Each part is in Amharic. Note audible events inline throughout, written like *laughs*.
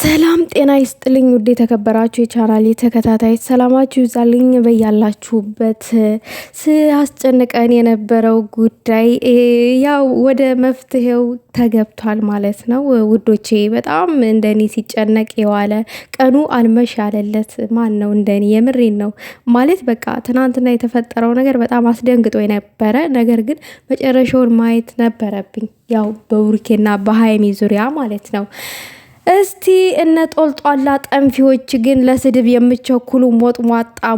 ሰላም ጤና ይስጥልኝ። ውድ የተከበራችሁ የቻናል ተከታታይ ሰላማችሁ ይዛልኝ በያላችሁበት። ሲያስጨንቀን የነበረው ጉዳይ ያው ወደ መፍትሄው ተገብቷል ማለት ነው ውዶቼ። በጣም እንደኔ ሲጨነቅ የዋለ ቀኑ አልመሽ ያለለት ማን ነው? እንደኔ የምሬን ነው ማለት በቃ ትናንትና የተፈጠረው ነገር በጣም አስደንግጦ የነበረ ነገር ግን መጨረሻውን ማየት ነበረብኝ፣ ያው በቡርኬና በሀይሚ ዙሪያ ማለት ነው እስቲ እነ ጦልጧላ ጠንፊዎች ግን ለስድብ የምቸኩሉ ሞጥ ሟጣ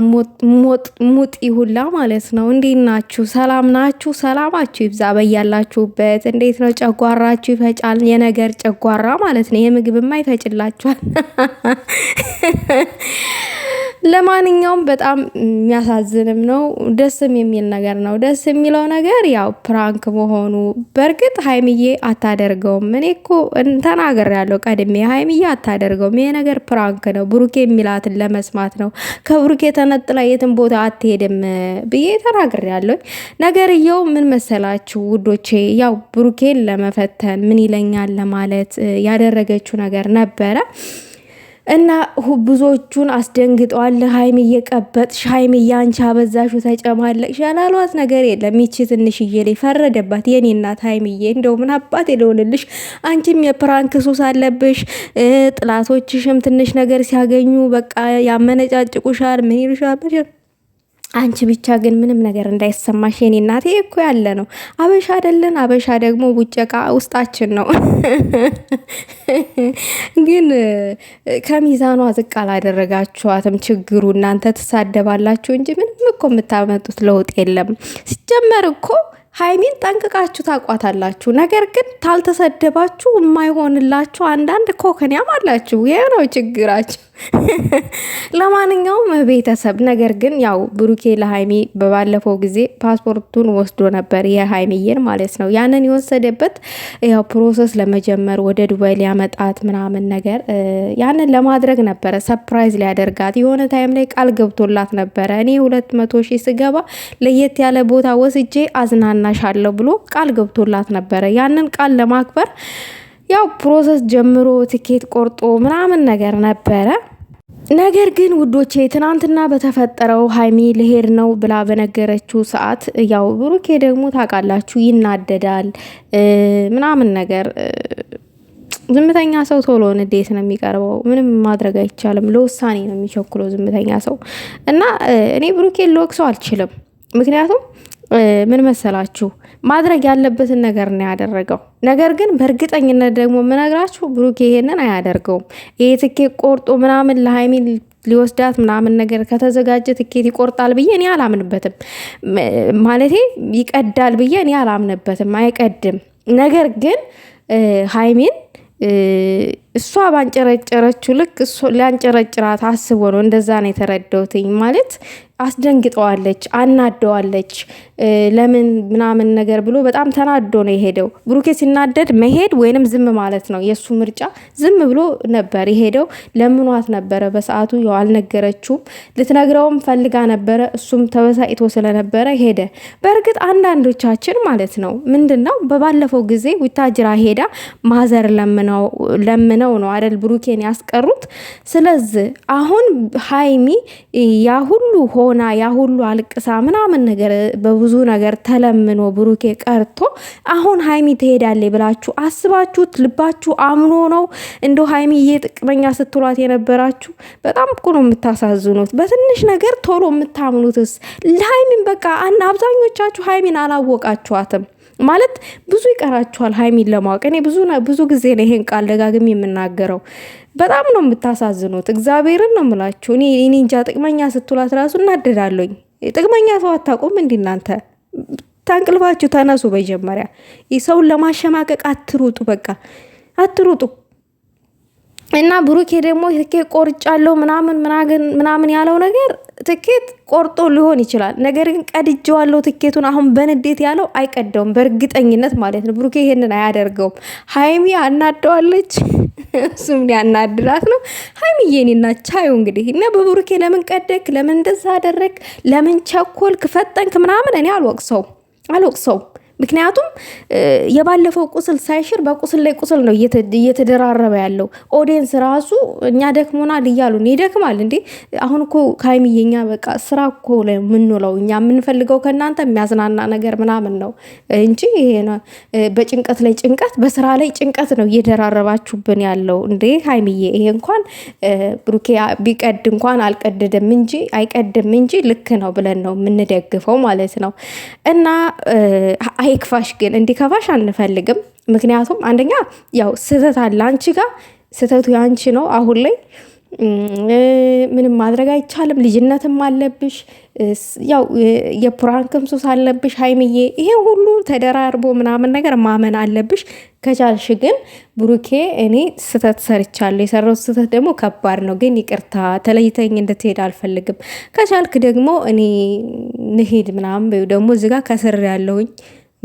ሙጢ ሁላ ማለት ነው። እንዴት ናችሁ? ሰላም ናችሁ? ሰላማችሁ ይብዛ በያላችሁበት። እንዴት ነው? ጨጓራችሁ ይፈጫል? የነገር ጨጓራ ማለት ነው። የምግብማ ይፈጭላችኋል። *laughs* ለማንኛውም በጣም የሚያሳዝንም ነው፣ ደስም የሚል ነገር ነው። ደስ የሚለው ነገር ያው ፕራንክ መሆኑ። በእርግጥ ሀይምዬ አታደርገውም። እኔ እኮ ተናገር ያለው ቀድሜ ሀይምዬ አታደርገውም። ይሄ ነገር ፕራንክ ነው፣ ብሩኬ የሚላትን ለመስማት ነው። ከብሩኬ ተነጥላ የትን ቦታ አትሄድም ብዬ ተናግር ያለው ነገርየው ምን መሰላችሁ ውዶቼ? ያው ብሩኬን ለመፈተን ምን ይለኛል ለማለት ያደረገችው ነገር ነበረ። እና ብዙዎቹን አስደንግጠዋል። ሀይሚ እየቀበጥሽ ሀይሚ እያንቺ አበዛሹ ተጨማለቅሽ ያላሏት ነገር የለም። ይቺ ትንሽዬ ላይ ፈረደባት። የኔ እናት ሀይሚዬ እንደው ምን አባት የለውንልሽ። አንቺም የፕራንክ ሱስ አለብሽ። ጥላቶችሽም ትንሽ ነገር ሲያገኙ በቃ ያመነጫጭቁሻል። ምን ይሉሻል? አንቺ ብቻ ግን ምንም ነገር እንዳይሰማሽ የኔ እናቴ እኮ ያለ ነው። አበሻ አይደለን? አበሻ ደግሞ ቡጨቃ ውስጣችን ነው። *laughs* ግን ከሚዛኗ ዝቅ አላደረጋችኋትም። ችግሩ እናንተ ትሳደባላችሁ እንጂ ምንም እኮ የምታመጡት ለውጥ የለም። ሲጀመር እኮ ሀይሚን ጠንቅቃችሁ ታቋታላችሁ። ነገር ግን ታልተሰደባችሁ የማይሆንላችሁ አንዳንድ ኮከንያም አላችሁ። ይህ ነው ችግራችሁ። *laughs* ለማንኛውም ቤተሰብ ነገር ግን ያው ብሩኬ ለሀይሚ በባለፈው ጊዜ ፓስፖርቱን ወስዶ ነበር የሀይሚዬን ማለት ነው። ያንን የወሰደበት ያው ፕሮሰስ ለመጀመር ወደ ዱባይ ሊያመጣት ምናምን ነገር ያንን ለማድረግ ነበረ። ሰፕራይዝ ሊያደርጋት የሆነ ታይም ላይ ቃል ገብቶላት ነበረ። እኔ ሁለት መቶ ሺህ ስገባ ለየት ያለ ቦታ ወስጄ አዝናናሻለሁ ብሎ ቃል ገብቶላት ነበረ። ያንን ቃል ለማክበር ያው ፕሮሰስ ጀምሮ ትኬት ቆርጦ ምናምን ነገር ነበረ። ነገር ግን ውዶቼ ትናንትና በተፈጠረው ሀይሚ ልሄድ ነው ብላ በነገረችው ሰዓት ያው ብሩኬ ደግሞ ታውቃላችሁ ይናደዳል ምናምን ነገር። ዝምተኛ ሰው ቶሎ ንዴት ነው የሚቀርበው። ምንም ማድረግ አይቻልም። ለውሳኔ ነው የሚቸኩለው ዝምተኛ ሰው እና እኔ ብሩኬ ልወቅሰው አልችልም ምክንያቱም ምን መሰላችሁ ማድረግ ያለበትን ነገር ነው ያደረገው። ነገር ግን በእርግጠኝነት ደግሞ የምነግራችሁ ብሩክ ይሄንን አያደርገውም። ይሄ ትኬት ቆርጦ ምናምን ለሀይሚ ሊወስዳት ምናምን ነገር ከተዘጋጀ ትኬት ይቆርጣል ብዬ እኔ አላምንበትም። ማለቴ ይቀዳል ብዬ እኔ አላምንበትም፣ አይቀድም። ነገር ግን ሀይሚን እሷ ባንጨረጨረችው ልክ ሊያንጨረጭራት አስቦ ነው። እንደዛ ነው የተረዳውትኝ። ማለት አስደንግጠዋለች፣ አናደዋለች። ለምን ምናምን ነገር ብሎ በጣም ተናዶ ነው የሄደው። ብሩኬ ሲናደድ መሄድ ወይንም ዝም ማለት ነው የእሱ ምርጫ። ዝም ብሎ ነበር የሄደው። ለምኗት ነበረ በሰዓቱ ያው አልነገረችውም። ልትነግረውም ፈልጋ ነበረ፣ እሱም ተበሳጭቶ ስለነበረ ሄደ። በእርግጥ አንዳንዶቻችን ማለት ነው ምንድን ነው በባለፈው ጊዜ ውታጅራ ሄዳ ማዘር ለምነው ነው አደል ብሩኬን ያስቀሩት። ስለዚህ አሁን ሀይሚ ያ ሁሉ ሆ ሆና ያ ሁሉ አልቅሳ ምናምን ነገር በብዙ ነገር ተለምኖ ብሩኬ ቀርቶ አሁን ሀይሚ ትሄዳለች ብላችሁ አስባችሁት ልባችሁ አምኖ ነው እንደ ሀይሚ እየጥቅመኛ ስትሏት የነበራችሁ በጣም እኮ ነው የምታሳዝኑት። በትንሽ ነገር ቶሎ የምታምኑትስ ለሀይሚን በቃ አብዛኞቻችሁ ሀይሚን አላወቃችኋትም። ማለት ብዙ ይቀራችኋል ሀይሚን ለማወቅ። እኔ ብዙ ብዙ ጊዜ ነው ይሄን ቃል ደጋግሜ የምናገረው። በጣም ነው የምታሳዝኑት። እግዚአብሔርን ነው የምላችሁ። እኔ እንጃ ጥቅመኛ ስትሏት ራሱ እናደዳለኝ። ጥቅመኛ ሰው አታውቁም እንዲ እናንተ ተነሱ። መጀመሪያ ሰውን ለማሸማቀቅ አትሩጡ፣ በቃ አትሩጡ። እና ብሩኬ ደግሞ ትኬት ቆርጫለሁ ምናምን ምናምን ያለው ነገር ትኬት ቆርጦ ሊሆን ይችላል። ነገር ግን ቀድጄዋለሁ ትኬቱን አሁን በንዴት ያለው አይቀደውም፣ በእርግጠኝነት ማለት ነው። ብሩኬ ይሄንን አያደርገውም። ሀይሚ አናደዋለች፣ እሱም ሊያናድራት ነው። ሀይሚዬ እኔና ቻዩ እንግዲህ እና በብሩኬ ለምን ቀደክ፣ ለምን እንደዛ አደረግ፣ ለምን ቸኮልክ፣ ፈጠንክ ምናምን እኔ አልወቅሰው አልወቅሰው ምክንያቱም የባለፈው ቁስል ሳይሽር በቁስል ላይ ቁስል ነው እየተደራረበ ያለው። ኦዲየንስ ራሱ እኛ ደክሞናል እያሉ ነው። ይደክማል እንዴ? አሁን እኮ ካይሚ የኛ በቃ ስራ እኮ ላይ የምንውለው እኛ የምንፈልገው ከእናንተ የሚያዝናና ነገር ምናምን ነው እንጂ ይሄ በጭንቀት ላይ ጭንቀት፣ በስራ ላይ ጭንቀት ነው እየደራረባችሁብን ያለው እንዴ ካይሚዬ። ይሄ እንኳን ብሩኬ ቢቀድ እንኳን አልቀድድም እንጂ አይቀድም እንጂ ልክ ነው ብለን ነው የምንደግፈው ማለት ነው እና ይክፋሽ፣ ግን እንዲከፋሽ አንፈልግም። ምክንያቱም አንደኛ ያው ስህተት አለ አንቺ ጋር ስህተቱ ያንቺ ነው አሁን ላይ ምንም ማድረግ አይቻልም። ልጅነትም አለብሽ፣ ያው የፕራንክም ሱስ አለብሽ ሀይምዬ። ይሄ ሁሉ ተደራርቦ ምናምን ነገር ማመን አለብሽ። ከቻልሽ ግን ብሩኬ፣ እኔ ስህተት ሰርቻለሁ። የሰራሁት ስህተት ደግሞ ከባድ ነው፣ ግን ይቅርታ፣ ተለይተኝ እንድትሄድ አልፈልግም። ከቻልክ ደግሞ እኔ ንሄድ ምናምን ደግሞ እዚጋ ከስር ያለውኝ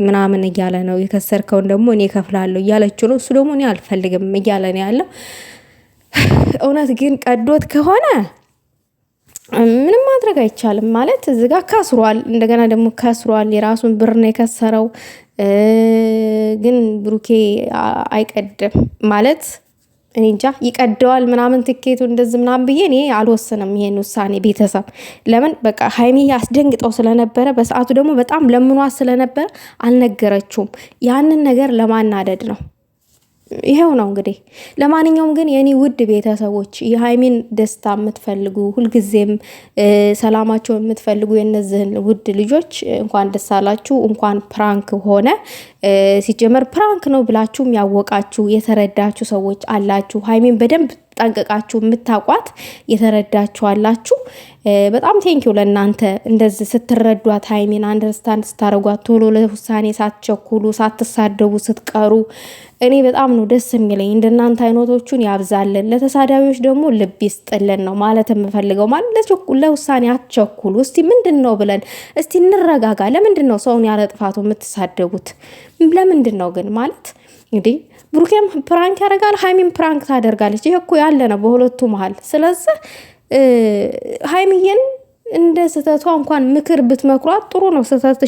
ምናምን እያለ ነው። የከሰርከውን ደግሞ እኔ እከፍላለሁ እያለችው ነው። እሱ ደግሞ እኔ አልፈልግም እያለ ነው ያለው። እውነት ግን ቀዶት ከሆነ ምንም ማድረግ አይቻልም። ማለት እዚ ጋር ከስሯል፣ እንደገና ደግሞ ከስሯል። የራሱን ብር ነው የከሰረው። ግን ብሩኬ አይቀድም ማለት እኔ እንጃ ይቀደዋል ምናምን ትኬቱ እንደዚህ ምናምን ብዬ እኔ አልወስንም ይሄን ውሳኔ ቤተሰብ። ለምን በቃ ሀይሚ ያስደንግጠው ስለነበረ በሰዓቱ ደግሞ በጣም ለምኗ ስለነበረ አልነገረችውም። ያንን ነገር ለማናደድ ነው። ይሄው ነው እንግዲህ። ለማንኛውም ግን የኔ ውድ ቤተሰቦች የሀይሚን ደስታ የምትፈልጉ ሁልጊዜም ሰላማቸውን የምትፈልጉ የነዚህን ውድ ልጆች እንኳን ደስ አላችሁ። እንኳን ፕራንክ ሆነ ሲጀመር ፕራንክ ነው ብላችሁም ያወቃችሁ የተረዳችሁ ሰዎች አላችሁ። ሀይሚን በደንብ ጠንቅቃችሁ የምታውቋት የተረዳችሁ አላችሁ። በጣም ቴንኪው ለእናንተ እንደዚህ ስትረዷት ሀይሚን አንደርስታንድ ስታደረጓት ቶሎ ለውሳኔ ሳትቸኩሉ ሳትሳደቡ ስትቀሩ እኔ በጣም ነው ደስ የሚለኝ። እንደናንተ አይነቶቹን ያብዛልን፣ ለተሳዳቢዎች ደግሞ ልብ ይስጥልን ነው ማለት የምፈልገው። ማለት ለውሳኔ አትቸኩሉ። እስቲ ምንድን ነው ብለን እስቲ እንረጋጋ። ለምንድን ነው ሰውን ያለ ጥፋቱ የምትሳደቡት? ለምንድን ነው ግን ማለት እንግዲህ ብሩኬም ፕራንክ ያደርጋል፣ ሀይሚም ፕራንክ ታደርጋለች። ይህ እኮ ያለ ነው በሁለቱ መሀል። ስለዚህ ሀይሚዬን እንደ ስህተቷ እንኳን ምክር ብትመክሯት ጥሩ ነው።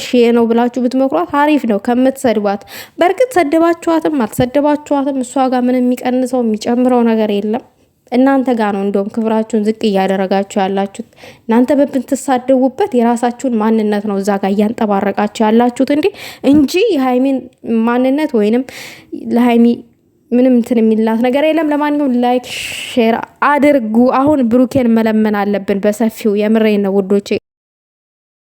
ሽ ነው ብላችሁ ብትመክሯት አሪፍ ነው ከምትሰድቧት። በእርግጥ ሰደባችኋትም አልሰደባችኋትም እሷ ጋር ምን የሚቀንሰው የሚጨምረው ነገር የለም። እናንተ ጋር ነው እንደውም ክብራችሁን ዝቅ እያደረጋችሁ ያላችሁት። እናንተ በምትሳደቡበት የራሳችሁን ማንነት ነው እዛ ጋር እያንጠባረቃችሁ ያላችሁት እንዴ እንጂ የሀይሚን ማንነት ወይንም ለሀይሚ ምንም እንትን የሚላት ነገር የለም። ለማንኛውም ላይክ ሼር አድርጉ። አሁን ብሩኬን መለመን አለብን በሰፊው። የምሬን ነው